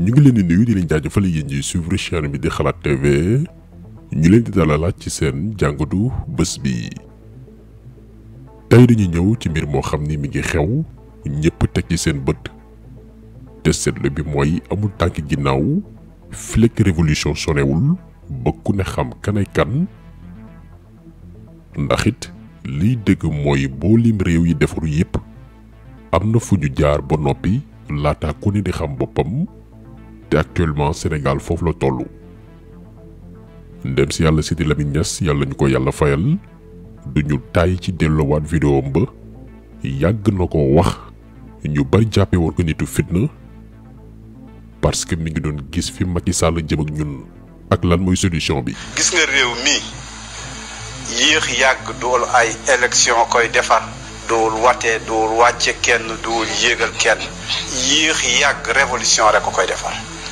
ñu ngi leen di nuyu di leen jaajëfal yéen ñuy suivre chaîne bi di xalaat TV ñu leen di dalalaat ci seen jàngatu bés bi. tey dañu ñëw ci mbir moo xam ni mi ngi xew ñëpp teg ci seen bët te seetlu bi mooy amul tànk ginnaaw flek révolution sonewul ba ku ne xam kanay kan ndax it liy dëgg mooy boo réew yi defaru yépp am na fu ñu jaar ba noppi laata ku ne di xam boppam te actuellement Sénégal fofu la tollu ndem ci yalla Sidi Lamine Niass yalla ñu ko yàlla fayal duñu tay ci wat vidéo mba yag nako wax ñu bari jappé won ko nitu fitna parce que mi ngi doon gis fi Macky Sall jëm ak ñun ak lan moy solution bi gis nga réew mi yéex yag dool ay élection koy défar dool waté dool wàcce kenn dool yégal kenn yéex yag révolution rek ko koy défar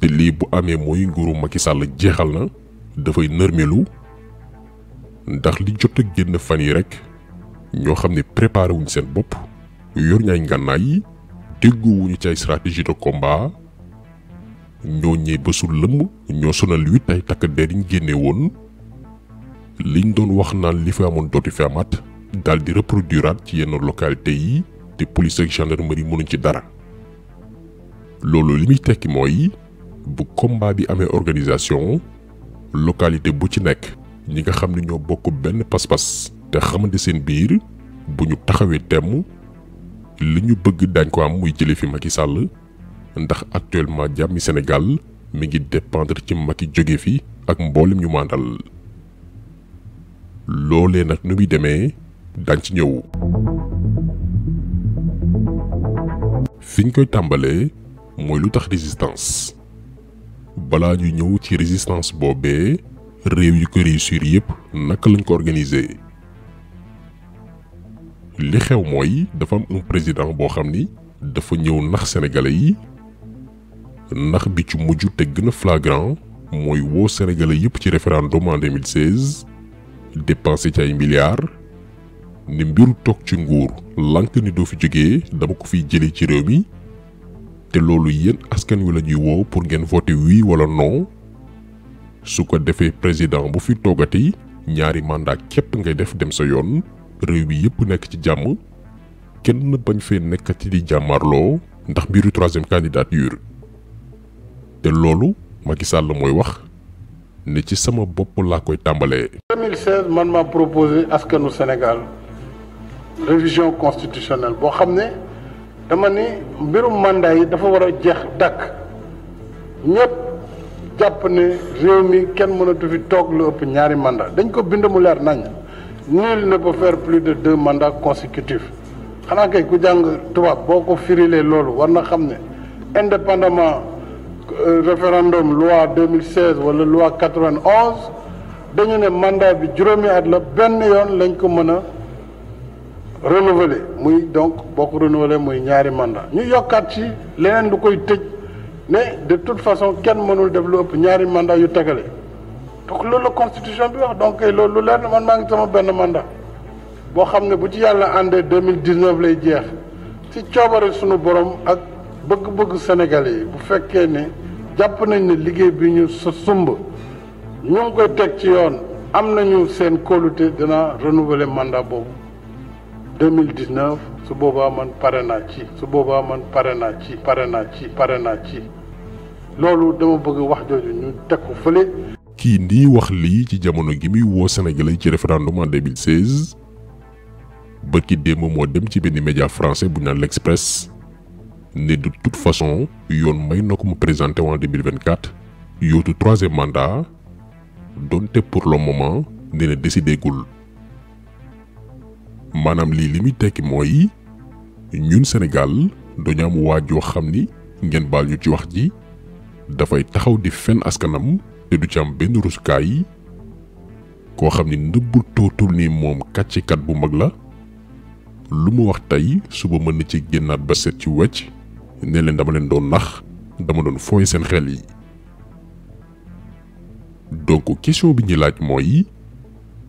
te lii bu amee mooy nguuru Macky Sall jeexal na dafay nërmelu ndax li jot a génn fan yi rek ñoo xam ne préparé wuñ seen bopp yor ñaay ngànnaay yi déggoowuñu ci ay stratégie de combat ñoo ñëw bésul lëmm ñoo sonal wi ay takk der yiñ génne woon liñ doon wax naan li fi amoon dooti fi amaat daal di reproduiraat ci yenn localité yi te police ak yi mënuñ ci dara loolu li muy tekki mooy bu combat bi amee organisation localité bu ci nekk ñi nga xam ne ñoo bokk benn pas-pas te xamante seen biir bu ñu taxawee temm li ñu bëgg dañ ko am muy jële fi Macky Sall ndax actuellement jàmmi senegal mi ngi dépendre ci Macky jóge fi ak mboolem ñu màndal loolee nag nu muy demee dañ ci ñëw fiñ tàmbalee mooy lu tax résistance balaa ñu ñëw ci résistance bobé réew yu ko réussir yépp naka lañ ko organisé li xew mooy dafa am un président boo xam ni dafa ñëw nax sénégalais yi nax bi ci mujj te gën a flagrant mooy woo sénégalais yépp ci référendum en 2016 dépensé ci ay milliards ni mbiru toog ci nguur lànk ni doo fi jógee dama ko fiy jëlee ci réew mi. te loolu yéen askan wi la ñuy woo pour ngeen voté wi wala non su ko defee président bu fi toogati ñaari mandat képp ngay def dem sa yoon réew bi yépp nekk ci jàmm kenn bañ fee ci di jàmmarloo ndax mbiru troisième candidature te loolu Macky Sall mooy wax ne ci sama bopp laa koy tàmbalee. 2016 man maa proposé askanu Sénégal révision constitutionnelle boo xam ne. dama ni mbirum mandat yi dafa war a jeex dàkk ñëpp jàpp ne réew mi kenn mënatu fi toog lu ëpp ñaari mandat dañ ko bind mu leer nañ nul ne peut faire plus de deux mandats consécutifs xanaa kay ku jàng tubaab boo ko firilee loolu war na xam ne indépendamment euh, référendum loi 2016 wala loi 91 dañu ne mandat bi juróomi at la benn yoon lañ ko mën a renouveler muy donc boo ko renouveler muy ñaari mandat ñu yokkat ci leneen lu koy tëj ne de toute façon kenn mënul def lu ëpp ñaari mandat yu tegale donc loolu la constitution bi wax donc loolu lu leer man maa ngi sama benn mandat boo xam ne bu ci yàlla àndee 2019 lay jeex ci coobare sunu borom ak bëgg-bëgg Sénégalais yi bu fekkee ne jàpp nañ ne liggéey bi ñu sa sumb ñu ngi koy teg ci yoon am nañu seen kóolute dina renouveler mandat boobu. 2019 su boba man pare naa ci su boba man pare naa ci pare naa ci pare naa ci lolou dama bëgg wax jooju ñu teg ko fële. kii wax li ci jamono gi mi wo Sénégalais ci référendum en 2016 ki démb mo dem ci bénn média français bu ñaan l'Express né de toute façon yoon may na mu présenté en 2024 yotu troisième mandat donte pour le moment nee décidé gul. maanaam lii li muy tekki mooy ñun Sénégal dañu am joo xam ni ngeen baal ñu ci wax ji dafay taxaw di fenn askanam te du ci am benn rusukaay koo xam ni nëbbul tootul ni moom kàccekat bu mag la lu mu wax tey suba mën na ci génnaat ba set ci wecc ne leen dama leen doon nax dama doon fooy seen xel yi donc question bi ñuy laaj mooy.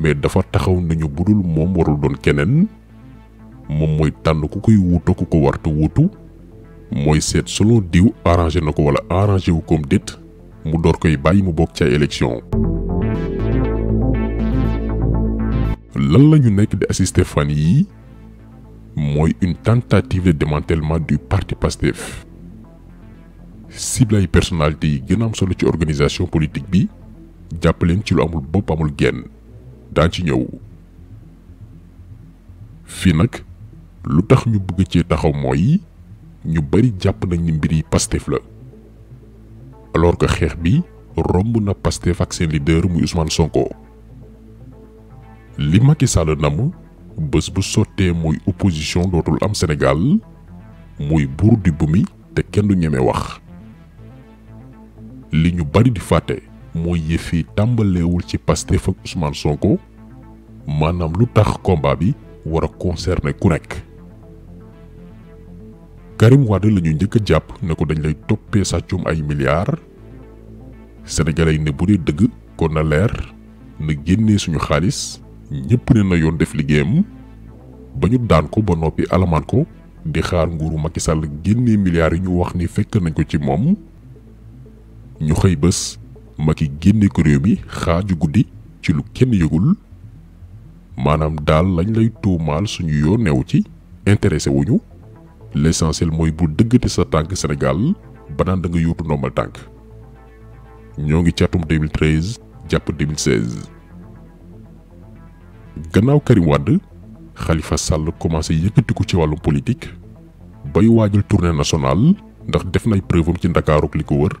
mais dafa taxaw nañu budul moom warul doon keneen moom mooy tànn ku koy wuutu ku ko wartu wuutu mooy seet solo diw arrangé na ko wala arrangé wu koom déet mu door koy bàyyi mu bokk ca élection. lan la ñu nekk di assister fan yii mooy une tentative de démantèlement du parti PASTEF cible ay personnalité yi gën solo ci organisation politique bi jàppaleen ci lu amul bopp amul genn. daa ci ñëw fii nag lu tax ñu bëgg ci taxaw mooy ñu bari jàpp nañ ni mbir yi Pastef la alors que xeex bi romb na Pastef ak seen leader muy Ousmane Sonko li Macky Sall nam bés bu sottee muy opposition dootul am senegaal muy buur di bumi te kenn du ñeme wax li ñu bari di fàtte mooy yefi yi tàmbaleewul ci Pastef ak Ousmane Sonko manam lu tax combat bi war concerner ku nek Karim Wade la ñu njëkk a ne ko dañ lay sa ciom ay milliards sénégalais ne buri deug ko na lèr ne génné suñu xaliss ñëpp ne na yoon def ligéem bañu daan ko ba nopi alaman ko di xaar nguuru Macky Sall génné milliards yi ñu wax ni fekk nañ ko ci mom ñu xey bëss Macky génne ko réew mi xaaju guddi ci lu kenn yëgul maanaam daal lañ lay tuumaal suñu yoon newu ci intéressé wuñu l'essentiel mooy bu dëggate sa tànk Sénégal banaan da nga yóotu normal tànk ñoo ngi càttum 2013 jàpp 2016 gannaaw Karim Wade Khalifa Sall commencé yëkkatiku ci wàllum politique bay waajal tournée nationale ndax def nay preuve ci Ndakaaru li ko wër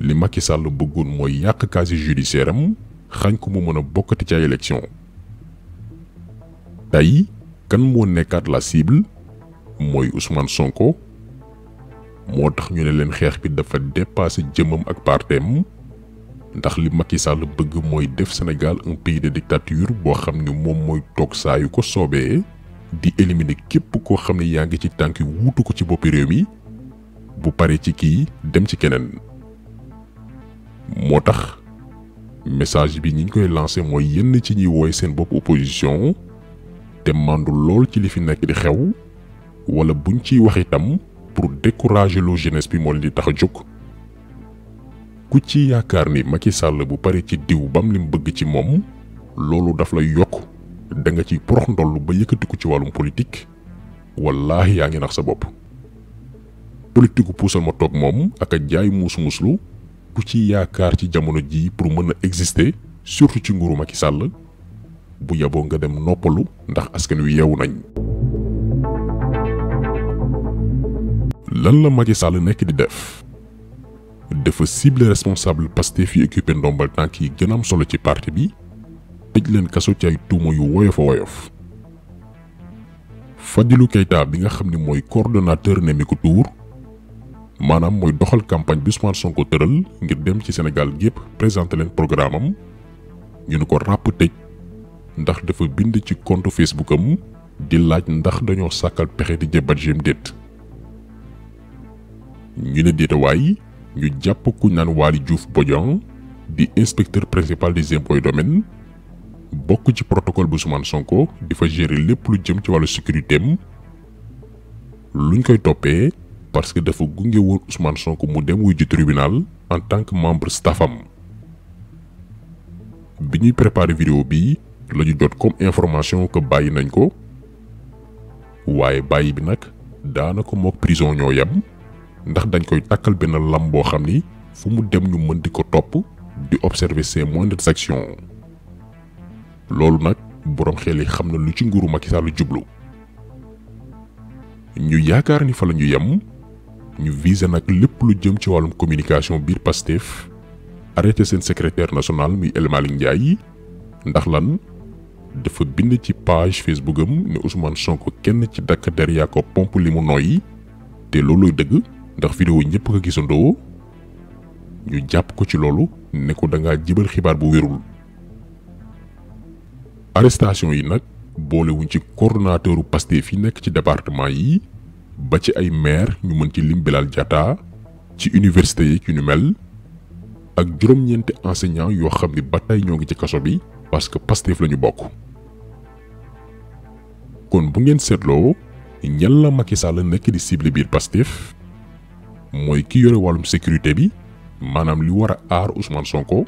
li Macky Sall bëggoon mooy yàq casier judiciaire am xañ ko mu mën a bokkati ca élection tey kan moo nekkaat la cible mooy Ousmane Sonko moo tax ñu ne leen xeex bi dafa dépassé jëmam ak partem ndax li Macky Sall bëgg mooy def Sénégal un pays de dictature boo xam ne moom mooy toog saa yu ko soobee di éliminer képp koo xam ne yaa ngi ci tànk wutu ko ci boppi réew mi bu pare ci kii dem ci keneen motax message bi ñi koy lancer moy yenn ci ñi woy seen bop opposition té mandu lol ci li fi nek di xew wala buñ ci wax itam pour décourager lo jeunesse bi mo li di tax juk ku ci yaakaar ni Macky Sall bu paré ci diw bam lim bëgg ci mom lolou daf la yok da nga ci prox ndol ba ku ci walum politique wallahi ya ngi nax sa bop politique ma tok mom ak jaay muslu ku ci yaakaar ci jamono jii pour mën a exister surtout ci nguuru Macky Sall bu yaboo nga dem noppalu ndax askan wi yeewu nañ. lan la Macky Sall nekk di def dafa cible responsable Pastef yi occupé ndombal tànk yi gën am solo ci parti bi tëj leen kaso ci tuuma yu woyof a woyof. Fadilou Keita bi nga xam ne mooy coordonnateur Nemmikou Tour. manam moy doxal campagne bi Ousmane Sonko teural ngir dem ci Sénégal gep présenter len programme am ñu ko rap tej ndax dafa bind ci compte Facebook am di laaj ndax dañoo sakal pexé di jëbat jëm e déet ñu ne déetawaay ñu japp ku naan Wali Diouf Bodion di inspecteur principal des impôts et domaines bokku ci protocole bu Ousmane Sonko di fa gérer lépp lu jëm ci walu sécurité luñ koy parce que dafa gungé woon Ousmane Sonko mu dem wuy tribunal en tant que membre staffam bi préparer vidéo bi lañu jot comme information que bayi nañ ko waye bayi bi nak danako mok prison ñoo yam ndax dañ koy takal ben lam bo xamni fu mu dem ñu mën di top di observer ses moindres actions lolou nak borom xel yi lu ci nguru Macky Sall jublu ñu yaakar ni fa lañu yam ñu visé nag lépp lu jëm ci wàllum communication biir Pastef arrêté seen secrétaire national muy El Malick Ndiaye ndax lan dafa bind ci page Facebook am ne Ousmane Sonko kenn ci dakk der yaa ko pompe li mu noyyi te looluy dëgg ndax vidéo ñëpp ko gisandoo ñu jàpp ko ci loolu ne ko da jibal xibaar bu wérul arrestation yi nag boolewuñ ci coordonnateuru Pastef yi nekk ci département yi ba ci ay maire ñu mën ci lim Bilal Diatta ci université yi ki ñu mel ak juróom-ñeenti enseignant yoo xam ni ba tey ñoo ngi ci kaso bi parce que pastef lañu bokk kon bu ngeen seetloo ñan la Macky Sall nekk di cible biir pastef mooy ki yore wàllum sécurité bi maanaam li war a aar Ousmane Sonko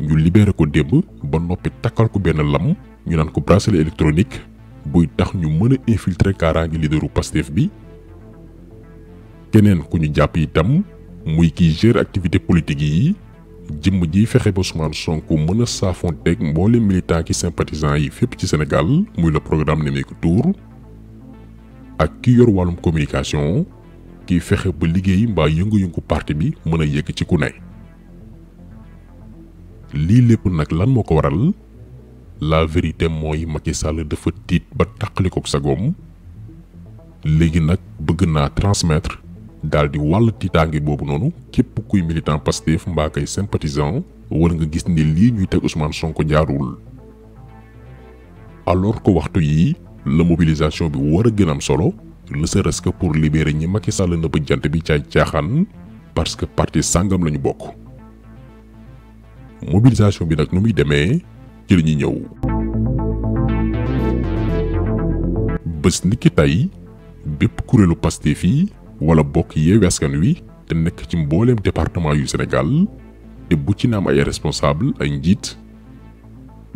ñu libéré ko démb ba noppi takkal ko benn lam ñu naan ko bracelet électronique buy tax ñu mën a infiltrer kaaraangi leaderu Pastef bi keneen ku ñu jàpp itam muy kiy gère activité politique yi jëmm ji fexe ba Ousmane Sonko mën a saafonteeg mboole militant ki sympathisant yi fépp ci Sénégal muy le programme Nemmeeku Tour ak ki yor wàllum communication ki fexe ba liggéey mbaa yëngu-yëngu parti bi mën a yegg ci ku ne lii lépp nag lan moo ko waral la vérité mooy Macky Sall dafa tiit ba taqali ko sa góom léegi nag bëgg naa transmettre daal di wàll tiitaange boobu noonu képp kuy militant Pastef mbaa kay sympathisant wala nga gis ne lii ñuy teg Ousmane ko jaarul. alors que waxtu yi la mobilisation bi war a gën am solo ne serait-ce pour libérer ñi Macky Sall nëbb jant bi caay caaxaan parce que parti sàngam la ñu bokk mobilisation bi nag nu muy demee. El Niño. bés niki tey bépp kuréelu Pastef yi wala bokk Yewwi Askan Wi te nekk ci mbooleem département yu Sénégal te bu ci naam ay responsable ay njiit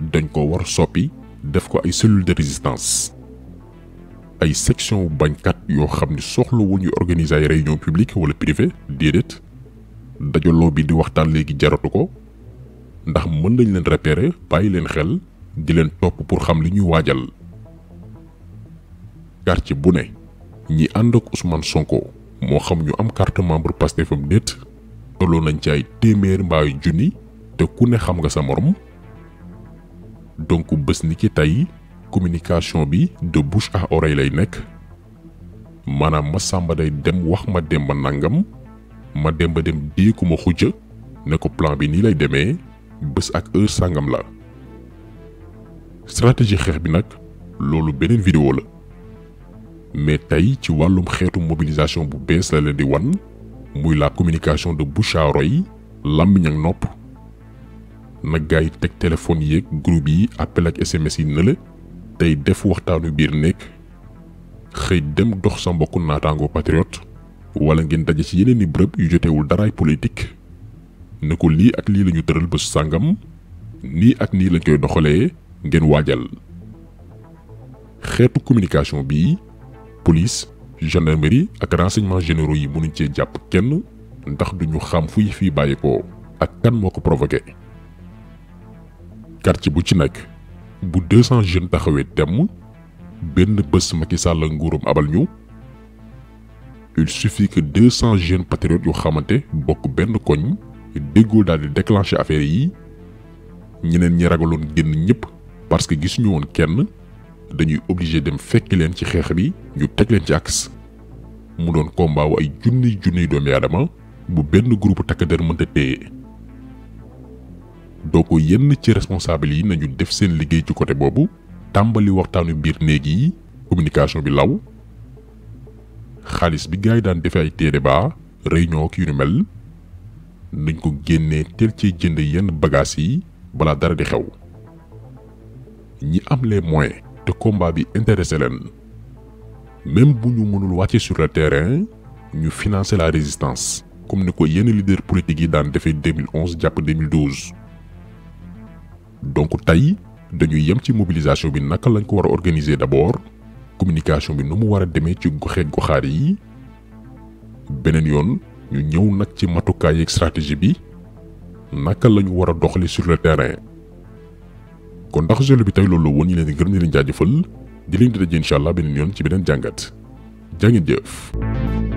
dañ ko war soppi def ko ay cellule de résistance ay section bañkat yoo xam ni soxla wu ñu organiser ay réunion publique wala privé déedéet dajaloo bi di waxtaan léegi jaratu ko ndax mën nañ leen repérer bàyyi leen xel di leen topp pour xam li ñuy waajal quartier bu ne ñi ànd ak Ousmane Sonko moo xam ñu am carte membre fam net tolloo nañ ci ay téeméer mbaay junni te ku ne xam nga sa morom donc bés ni ki tey communication bi de bouche à oreille lay nekk maanaam ma samba day dem wax ma demba nangam ma demba dem déeku ma xujja ne ko plan bi ni lay demee bés ak heure sangam la stratégie xex bi nak lolu benen vidéo la mais tay ci walum xeetu mobilisation bu bees la leen di wan muy la communication de bouche à oreille làmmiñ ak nopp nag gars yi teg téléphone yeeg groupe yi appel ak SMS yi neul tay def waxtanu biir nek xey dem dox sa mbokku natango patriote wala ngeen daje ci yeneen i yu jotewul daraay politique ne ko lii ak li la teural le sangam ni ak ni lañ koy ngeen communication bi police gendarmerie ak renseignement généraux yi mënuñ ci japp kenn ndax duñu xam ak kan ko quartier bu ci 200 jeunes taxawé temm benn bés Macky Sall il suffit que 200 jeunes patriotes yu xamanté bokk benn koñ déggoo daal di déclencher affaire yi ñeneen ñi ragaloon génn ñëpp parce que gisuñu woon kenn dañuy obligé dem fekki leen ci xeex bi ñu teg leen ci axe mu doon combat wu ay junniy junniy doomi aadama bu benn groupe takk der mënta téye doo ko yenn ci responsable yi nañu def seen liggéey ci côté boobu tàmbali waxtaanu biir néeg yi communication bi law xaalis bi gars daan defee ay téere ba réunion ak yu ni mel nañ ko génnee teel ci jënd yenn bagages yi balaa dara di xew ñi am les moyens te combat bi intéressé leen même bu ñu mënul wàcce sur le terrain ñu financer la résistance comme ni ko yenn leader politique yi daan defee 2011 jàpp 2012 donc tey dañuy yem ci mobilisation bi naka lañ ko war a organiser d'abord communication bi nu mu war a demee ci goxe goxaar yi beneen yoon. ñu ñëw nag ci matukaay yeeg stratégie bi naka lañu ñu war a doxali sur le terrain kon ndax jolo bi tey loolu woon ñu leen di gërëm di leen jaajëfal di leen di daje incha allah beneen yoon ci beneen jàngat jàngin jëf.